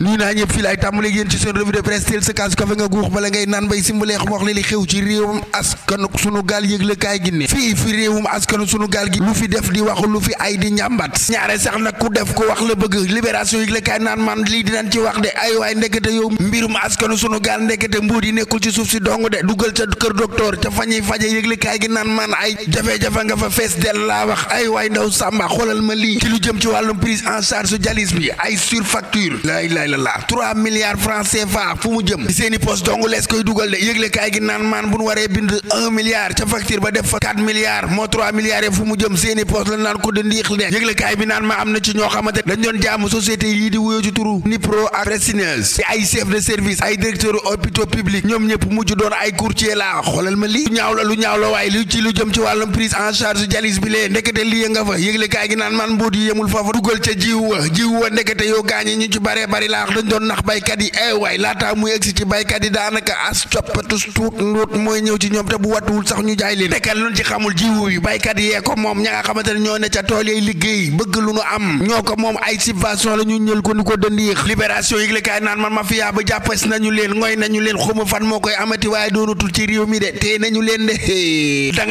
nuy naa ñëpp fii laay tàmbaleeg yéen ci seen revue de presse teel sa kaasu kafe nga guux bala ngay naan bay simbaleex wax la li xew ci réewum askanu sunu gaal yëgle gi ne fii fi def di waxu lu fi ay di njàmbat ñaare sax nag ku def ko wax la bëgg libération yëgle kaay naan man lii dinañ ci wax de ay waay ndekete yow mbirum askanu sunu gaal ndekete mbóot yi nekkul ci suuf si dong de dugal ca kër docteur ca fañuy faje yëgle kaay gi naan man ay jafe-jafe nga fa fees del laa wax ay waay ndaw sàmba xoolal ma lii ci lu jëm ci wàllum prise en charge su bi ay surfacture ilaha trois milliards francs CFA fu mu jëm ci seeni poste dong koy dugal de yëgle gi naan maan bu waree bind un milliard ca facture ba def fa moo trois milliards fu mu jëm seeni poste la naan ko de ndiix ne yëgle bi naan ma am na ci ñoo xamante dañ doon jaamu société yii di wuyoo ci turu Nipro ak Fresineuse ay chef de service ay directeur hôpitaux publics ñoom ñëpp mujj doon ay courtier laa xoolal ma lii lu ñaaw la lu ñaaw la waaye li ci lu jëm laa wax dañ doon nax baykat yi ay eh waay laataa muy egsi ci baykat yi daanaka as coppatus tuut nduut mooy ñëw ci ñoom te bu wattuwul sax ñu jaay leen la ñu ko ni ko dëndiix libération yëgle kaay naan man ma fiyaa ba jàppas nañu leen ngoy nañu leen xuma fan moo koy amati waaye doonatul ci réew mi de tee nañu leen de da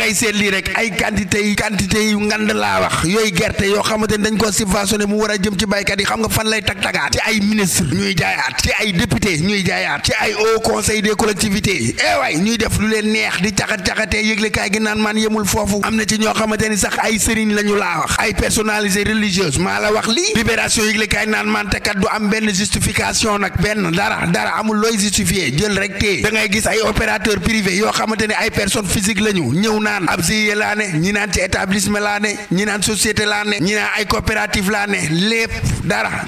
rek ay quantité yi quantité yu ngand laa wax yooyu gerte yoo xamante ne dañ ko subventionné mu war a jëm ci baykat yi xam nga fan lay tag tagaat ci ay ministre ministre ñuy jaayaat ci ay député ñuy jaayaat ci ay haut conseil des collectivités eh waay ñuy def lu leen neex di caxat-caxatee yëglekaay gi naan maan yemul foofu am na ci ñoo xamante ni sax ay sëriñ la ñu laa wax ay personnalité religieuse maa la wax lii libération yëglekaay naan maan te kat du am benn justification nag benn dara dara amul looy justifié jël rek te da ngay gis ay opérateur privé yoo xamante ne ay personne physique la ñu ñëw naan ab GIE laa ne ñi naan ci établissement laa ne ñi naan société laa ne ñi naan ay coopérative laa ne lépp dara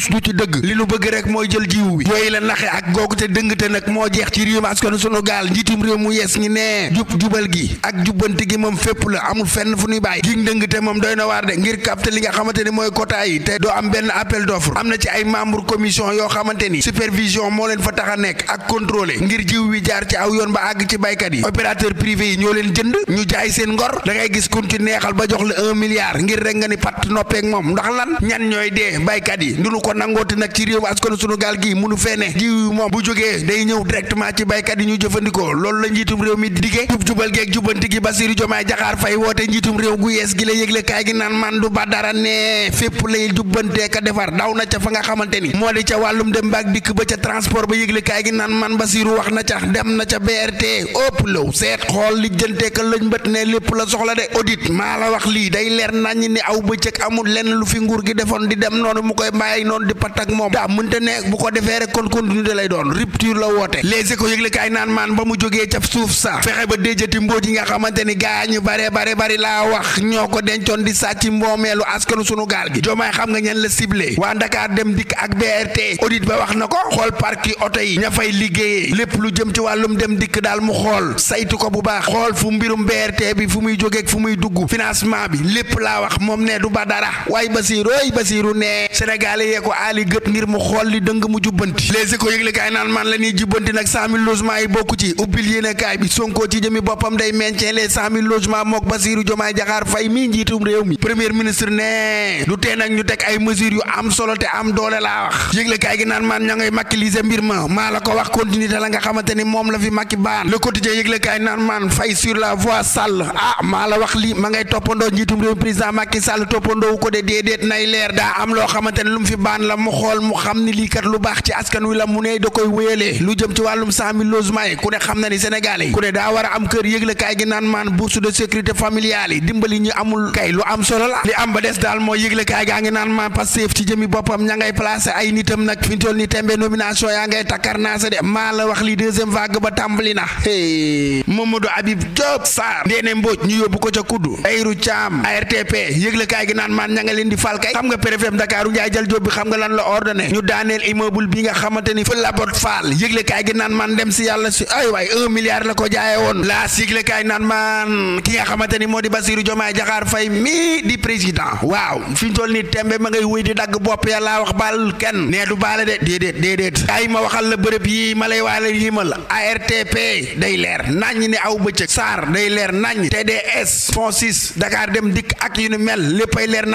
tus du ci dëgg li nu bëgg rek mooy jël jiw bi yooyu la naxe ak googu te dëng te nag moo jeex ci réew mi askan sunu gaal njiitum réew mu yees ñi nee jubal gi ak jubbante gi moom fépp la amul fenn fu ñuy bàyyi gig dëng te moom doy na waar de ngir capter li nga xamante ni mooy quota yi te doo am benn appel d'offre am na ci ay membre commission yoo xamante ni supervision moo leen fa tax a nekk ak contrôler ngir jiw wi jaar ci aw yoon ba àgg ci baykat yi opérateur privé yi ñoo leen jënd ñu jaay seen ngor da gis kun neexal ba jox la un ngir rek nga ni patt noppeek moom ndax lan ñan ñooy dee baykat yi ko nangooti nag ci réew askanu sunu gaal gi munu feene jiw moom bu jógee day ñëw directement ci baykat yi ñu jëfandikoo loolu la njiitum réew mi diggee jub jubal geeg jubbanti gi Bassirou Diomaye Diakhar Faye woote njiitum réew gu yees gi la yëgle gi naan man du ba dara ne fépp lay jubbantee ka defar daw na ca fa nga xamante ni moo di ca wàllum dem baak dikk ba ca transport ba yëgle gi naan man Bassirou wax na ca dem na ca BRT ëpp law seet xool li jënteeka lañ mbët ne lépp la soxla de audit maa la wax lii day leer nañ ni aw bëccëg amul lenn lu fi nguur gi defoon di dem noonu mu koy mbaay noonu doon di pat ak moom daa mënta ne bu ko defee rek kon continuité lay doon rupture la woote les éco yëgle kaay naan maan ba mu jógee ca suuf sa fexe ba déjati mbóot yi nga xamante ni gaa ñu bare bare bari laa wax ñoo ko dencoon di sàcc mboomeelu askanu sunu gaal gi jomaay xam nga ñan la ciblé waa Dakar dem dikk ak BRT audit ba wax na ko xool parc yi oto yi ña fay liggéeyee lépp lu jëm ci wàllum dem dikk daal mu xool saytu ko bu baax xool fu mbirum BRT bi fu muy jógeeg fu muy dugg financement bi lépp laa wax moom ne ko aali gët ngir mu xool li dëng mu jubbanti les échos yëgle kaay naan man la ñuy jubbanti nag cent mille logement yi bokku ci ubbil yéene bi Sonko ci jëmi boppam day maintien les cent mille logement mook Basiru Jomaay Jaxaar Fay mi njiitum réew mi premier ministre ne du tee ñu teg ay mesures yu am solo te am doole laa wax yëgle gi naan man ña ngay makkiliser mbir ma maa la ko wax continuité la nga xamante ni moom la fi makki baan le quotidien yëgle la voie ah, li ma ngay toppandoo njiitum réew président Macky Sall toppandoowu ko de déedéet waxtaan la mu xool mu xam ni lii kat lu baax ci askan wi la mu ne da koy wéyalee lu jëm ci wàllum cent mille yi ku ne xam na ni Sénégal yi ku ne daa war a am kër yëgle kaay gi naan maan bourse ci jëmi boppam ña ngay placé ay nitam nag fi ni tembe nomination yaa ngay takkar naa sa de maa la wax li deuxième vague ba tàmbali na Mamadou Habib Diop Sarr Ndéné Mbodj ñu yóbbu ko ca kuddu Ayru Thiam ARTP yëgle kaay gi naan maan ña nga leen di fal kay xam xam nga lan la ordonné ñu daaneel immeuble bi nga xamante ni fa faal yëglekaay gi naan man dem si yàlla si ay waay un milliard la ko jaaye woon laas yëglekaay naan man ki nga xamante ni moo di Bassirou Diomaye Diakhar Faye mii di président waaw fi ñu toll nii tembe ma ngay wéy di dagg bopp yàlla wax baal kenn nee du baale de déedéet déedéet kaay ma waxal la bërëb yi ma lay waale yimal ARTP day leer nañ ne aw bëccëg SAR day leer nañ TDS fond 6 Dakar dem dikk ak yu ni mel léppay leer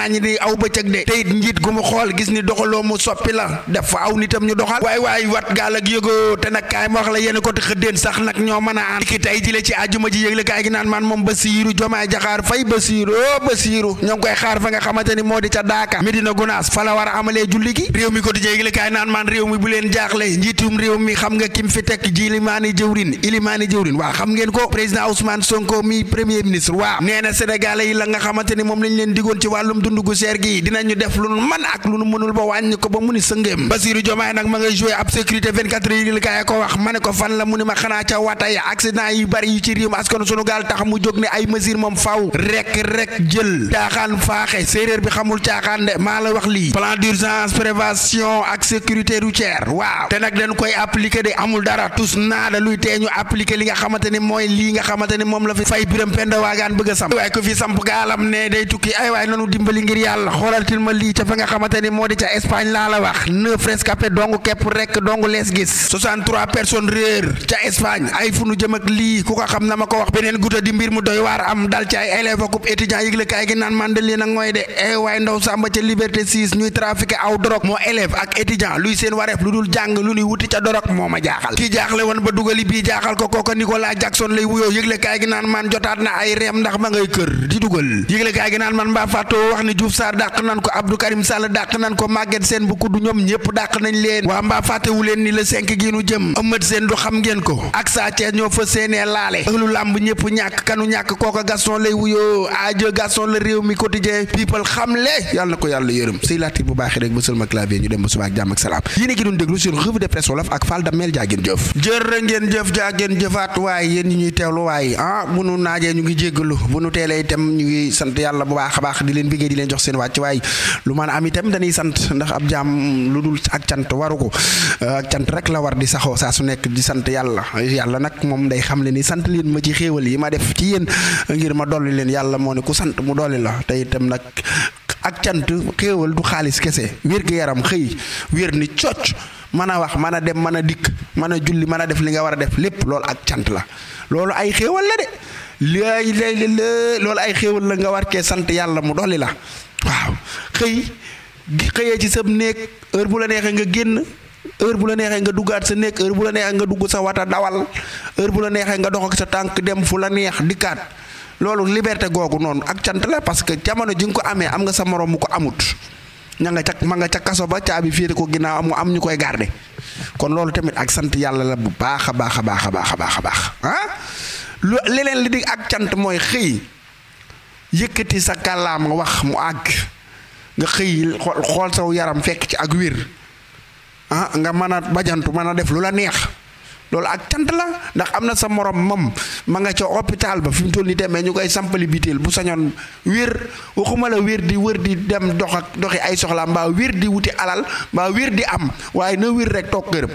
doxaloo mu soppi la def fa aw nitam ñu doxal waay waay wat gaal ak yëgoo te nag kaay ma wax la yenn côté xëddéen sax nag ñoo mën a ànd ki tey jile ci àjjuma ji yëgle kaay gi naan man moom Basiiru Jomaay Jaxaar Fay Basiiru oh Basiiru ñoo koy xaar fa nga xamante ni moo di ca Daaka Medina Gunaas fa la war a amalee julli gi réew mi quotidien yëgle kaay naan man réew mi bu leen jaaxle njiitum réew mi xam nga kim fi tekk ji ilimaani jëwrin ilimaani jëwrin waa xam ngeen ko président Ousmane Sonko mi premier ministre waa la nga xamante ni moom lañ leen digoon ci wàllum dund gu seer ko wàññi ko ba mu ni sëngéem Bassirou Diomaye nag ma ngay joué ab sécurité 24 heures yi li kaay ko wax ma ne ko fan la mu ni ma xanaa ca watay accident yi bari yi ci réew mi askan sunu gaal tax mu jóg ne ay mesure moom faw rek rek jël caaxaan faaxe séeréer bi xamul caaxaan de maa la wax lii plan d'urgence prévention ak sécurité routière waaw te nag dañ koy appliquer de amul dara tus naada luy tee ñu appliquer li nga xamante ni mooy lii nga xamante moom la fay biram penda a samp waaye ko Espagne laa la wax neuf rescapés dong képp rek dong lees gis 63 réer ca Espagne ay fu jëm ak lii ku ko xam na ma ko wax beneen guta di mbir mu doy waar am dal ci ay élèves akub étudiants yëgle gi naan man de leen a de e ndaw sàmba ca liberté 6 ñuy trafiqué aw dorog moo élève ak étudiant luy seen wareef lu dul jàng lu nuy wuti ca dorog moo ma jaaxal kii jaaxle woon ba dugali bii jaaxal ko kooka Nicolas Jackson lay wuyoo yëgle Maguette seen bu kuddu ñoom ñëpp dàq nañ leen waa mbaa fàttewu leen ni le cinq gi nu jëm Eumeu Sène du xam ngeen ko ak Sa Thiès ñoo fa seenee laale ëllu làmb ñëpp ñàkk kanu ñàkk kooka Gaston lay wuyoo aajo Gaston la réew mi quotidien people xamle yàlla na ko yàlla yërëm sëy laati bu baaxee rek ba sëlma clavier ñu dem ba subaak jàmm ak salaam yéen a ngi doon déglu sur revue de presse wolof ak Fall Damel jaa ngeen jëf jaa ngeen jëfaat waaye yéen ñi ñuy teewlu ah, nu naajee ñu ngi jéggalu bu nu teelee itam ñu ngi sant yàlla bu baax a baax di leen bigee di leen jox seen wàcc waaye lu mën a ndax ab jaam lu dul ak cant waru ko euh, ak cant rek la war di saxoo saa su nekk di sant yàlla yàlla nag moom day xam le ni sant leen ma ci xéewal yi ma def ci yéen ngir ma dolli leen yàlla moo ne ku sant mu dolli la tey itam nag ak cant xéewal du xaalis kese wér gu yaram xëy wér ni cocc mën a wax mën a dem mën a dikk mën a julli mën a def li nga war a def lépp loolu ak cant la loolu ay xéewal la de loolu ay xéewal la nga war cee sant yàlla mu dolli la xëyee ci sab néeg heure bu la neexee nga génn heure bu la neexee nga duggaat sa néeg heure bu la neexee nga dugg sa wata dawal heure bu la neexee nga dox ak sa tànk dem fu la neex dikkaat loolu liberté googu noonu ak cant la parce que jamono ji nga ko amee am nga sa morom mu ko amut ña nga ca ma nga ca kaso ba caabi féere ko ginnaaw mu am ñu koy garde kon loolu tamit ak sant yàlla la bu baax a baax a baax a baax a baax a baax ah lu leneen li di ak cant mooy xëy yëkkati sa kàllaama wax mu àgg nga xëy xool saw yaram fekk ci ak wér ah nga mën a bajantu mën a def lu la neex loolu ak cant la ndax am na sa morom moom ma nga ca hôpital ba fi mu toll nii demee ñu koy sampali biteel bu sañoon wér waxuma la wér di wër di dem dox ak doxi ay soxla mbaa wér di wuti alal mbaa wér di am waaye na wér rek toog këram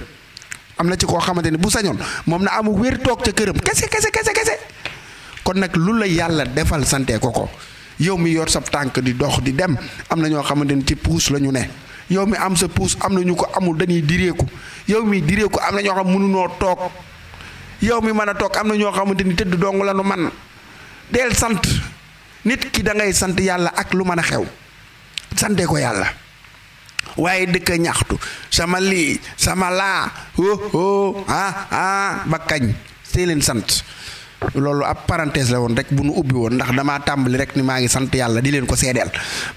am na ci koo xamante ni bu sañoon moom na amu wér toog ca këram kese kese kese kese kon nag lu la yàlla defal sante ko ko yow mi yor sab tànk di dox di dem am na ñoo xamante ni ci puus la ñu ne yow mi am sa puus am na ñu ko amul dañuy direeku yow mi direeku am na ñoo xam mënunoo toog yow mi mën a toog am na ñoo xamante ni tëdd dong la nu man deel sant nit ki da ngay sant yàlla ak lu mën a xew sante ko yàlla waaye dëkk ñaxtu sama lii sama laa ho oh, oh, ho ah ah ba kañ see leen sant loolu ab parenthèse la woon rek bu nu ubbi woon ndax damaa tàmbali rek ni maa ngi sant yàlla di leen ko seedeel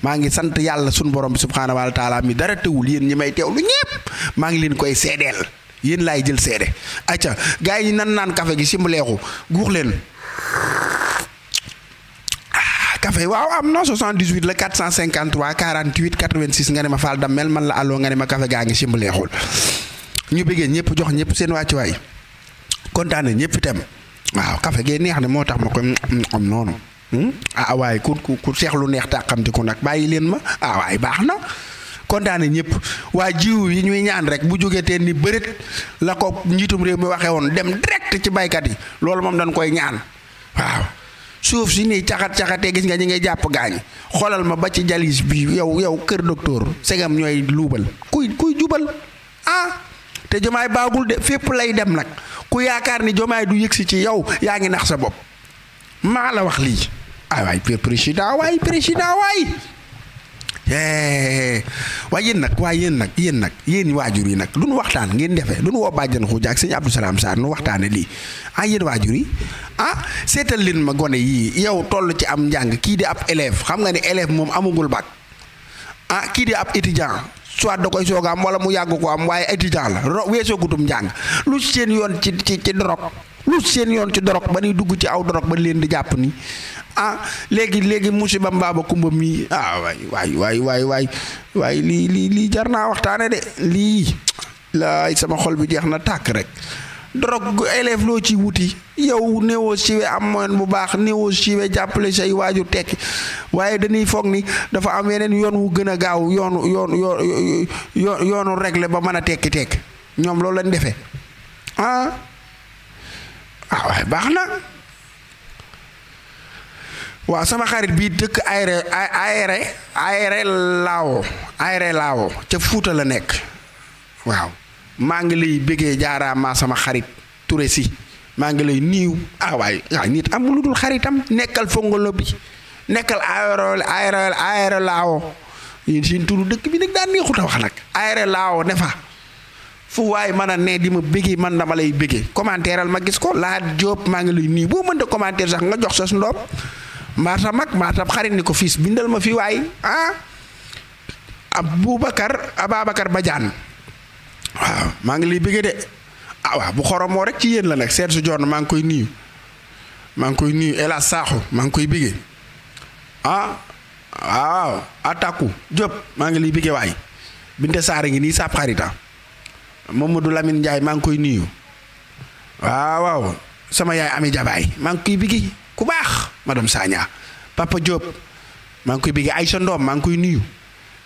maa ngi sant yàlla sunu borom bi subhaanahu wa taala mi dara tëwul yéen ñi may teewlu ñépp maa ngi leen koy seedeel yéen laay jël seede acca gars yi nan naan café gi simbaleexu guux leen ah, café waaw am na 78 la 453 48 86 nga ne ma Fall Damel man la allo ma café gaa ngi simbaleexul ñu bëggee ñëpp jox ñëpp seen wàccuwaay kontaane ñëpp itam waaw café gee neex de moo tax ma koy mm, mm, am noonu hmm? ah, ah waaye ku ku ku seexlu neex tàqamtiku nag bàyyi leen ma ah waaye baax na kontaane ñëpp waa jiw yi ñuy ñaan rek bu jógee teen ni bërit la ko njiitum réew mi waxee woon dem direct ci baykat yi loolu moom dañ koy ñaan waaw suuf si nii caxat-caxatee gis nga ñi ngay jàpp gaañ xoolal ma ba ci jalis bi yow yow kër doktoor segam ñooy luubal kuy kuy jubal ah te jumaay baagul de fépp lay dem nag ku yaakaar ni jomaay du yëgsi ci yow yaa ngi nax sa bopp maa la wax lii ay waay président waay président waay waaye yéen nag waaye yéen nag yéen nag yéen waajur yi nag lu nu waxtaan ngeen defee lu nu woo bàjjan xuuja ak sëñ Abdou Salaam Sarr nu waxtaane lii ah yéen waajur yi ah seetal leen ma gone yii yow toll ci am njàng kii di ab élève xam nga ne élève moom amagul bac ah kii de ab étudiant soit da koy soog am mu yàgg ko am waaye étudiant la ro weesoo gutum njàng lu seen yoon ci ci ci dorog lu seen yoon ci dorog ba ñuy dugg ci aw dorog ba leen di jàpp ni ah léegi léegi musiba mbaaba kumba mi ah waay waay waay waay waay lii lii lii jar naa waxtaane de lii laay sama xol bi jeex na tàkk rek drogue élève loo ci wuti yow néewoo siiwee am moyen bu baax néewoo siiwee jàppale say waajur tekki waaye dañuy foog ni dafa am yeneen yoon wu gën a gaaw yoonu yoonu yoonu yoonu régler ba mën a tekki tekki ñoom loolu lañ defe ah, ah waaye baax na waaw sama xarit bii dëkk ayre ayre ayre laawo ayre laawo ca Fuuta la nekk waaw maa ngi lay bëggee jaaraamaa sama xarit Touré si maa ngi lay niiw ah waay ah nit amul lu dul xaritam nekkal fongolo bi nekkal aéro aéro aéro laawo yéen seen turu dëkk bi nag daan neexut a wax nag aéro laawo ne fa fu waay mën a ne di ma bëggee man dama lay bëggee commentéral ma gis ko Laat Diop maa ngi lay niiw boo mënta commentaire sax nga jox sa ndoom maata mag maata xarit ni ko fiis bindal ma fi waay ah Aboubacar Ababacar Badiane. waaw maa ngi lay bëggee de ah waaw bu xoromoo rek ci yéen la nag seet su joor maa ngi koy nuyu maa ngi koy nuyu El Hadj Sakho maa ngi koy bëggee ah waaw attaku Diop maa ngi lay bëggee waay ngi nii sab xarita Mamadou Lamine Ndiaye maa ngi koy nuyu waaw ah, waaw sama yaay Ami Jabaay maa ngi koy bëggee ku baax madame Sagna Papa Diop maa ngi koy bëggee Aïcha Ndom maa ngi koy nuyu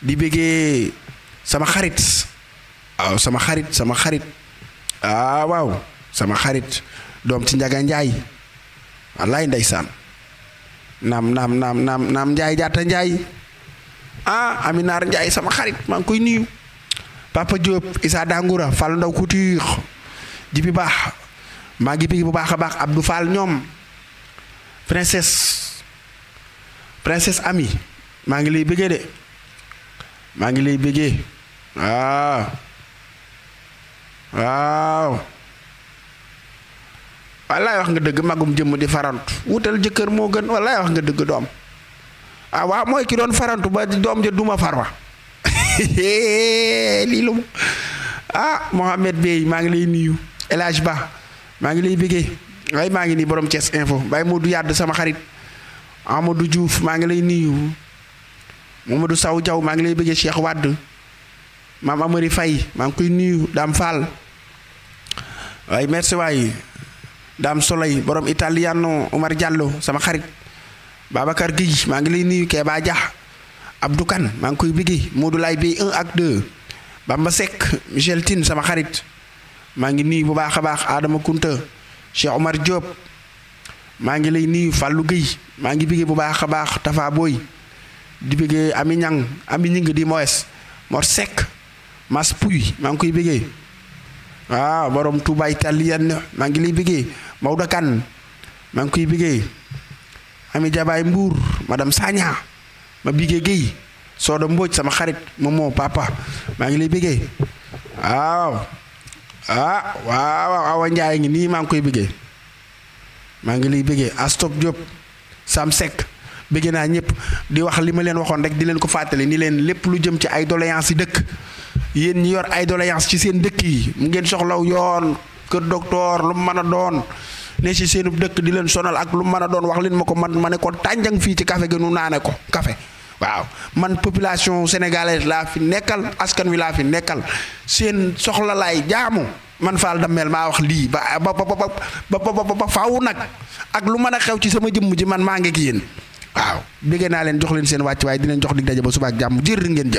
di bëggee sama xarit. waaw sama xarit sama xarit ah waaw sama xarit doom ci njaga njaay wallaay ndeysaan naam naam naam naam naam njaay jaata njaay ah aminaar njaay sama xarit maa ngi koy nuyu papa Diop Issa Dangoura Fall Ndaw Couture Jibi Baax maa ngi bëgg bu baax a baax Abdou Fall ñoom princesse princesse Ami maa ngi lay bëggee de maa ngi lay bëggee ah. waaw wallaay wax nga dëgg magum jëmm di farantu wutal jëkkër moo gën wallaay wax nga dëgg doom ah waaw mooy ki doon farantu ba doom ja duma farwa lii lu ah Mohamed Bey maa ngi lay nuyu El Ba maa ngi lay bëggee waaye maa ngi nii borom Thiès info Baye du Yàdd sama xarit Amadou juuf maa ngi lay nuyu Mamadou Saw jaw maa ngi lay bëggee Cheikh wàdd maam Amary fay maa ngi koy nuyu daam Fall waaye merci waay daam Soley borom italiano Omar Diallo sama xarit Babacar Guèye maa ngi lay nuyu Kéba Dia Abdou Kane maa ngi koy bëggee Modou Laye bay 1 ak 2 Bamba Seck Michel Tine sama xarit maa ngi nuyu bu baax a baax aadama Kunta Cheikh Omar Diop maa ngi lay nuyu Fallou Guèye maa ngi bëggee bu baax a baax Tafa Boy di bëggee Ami Ñang Ami Ñing di Moes Mor Seck mas puy maa ngi koy bëggee waaw ah, borom tuubaay taliyan maa ngi lay bëggee Maodo Kane maa ngi koy bëggee Ami Jabaay Mbuur dem Sagna ma bëggee Guèye Soda Mbodj sama xarit momo papa maa ngi lay bëggee waaw ah waaw a Njaay ngi nii maa ngi koy bëggee maa ngi lay bëggee Astop Diop Sam Seck bëggee naa ñëpp di wax li ma leen waxoon rek di leen ko fàttali ni leen lépp lu jëm ci ay doléances yi dëkk yéen ñi yor ay doléance ci seen dëkk yi mu ngeen soxlaw yoon kër docteur lu mu mën a doon ne ci seenub dëkk di leen sonal ak lu mu mën a doon wax leen ma ko man ma ne tànjang fii ci café gi naane ko café waaw man population sénégalaise laa fi nekkal askan wi laa fi nekkal seen soxla laay jaamu man faal dammel maa wax lii ba ba ba ba faaw nag ak lu mën a xew ci sama jëmm ji man maa ngi ak yéen waaw déggee naa leen jox leen seen wàcc waaye dinañ jox dig daje ba suba ak jàmm jër ngeen jëm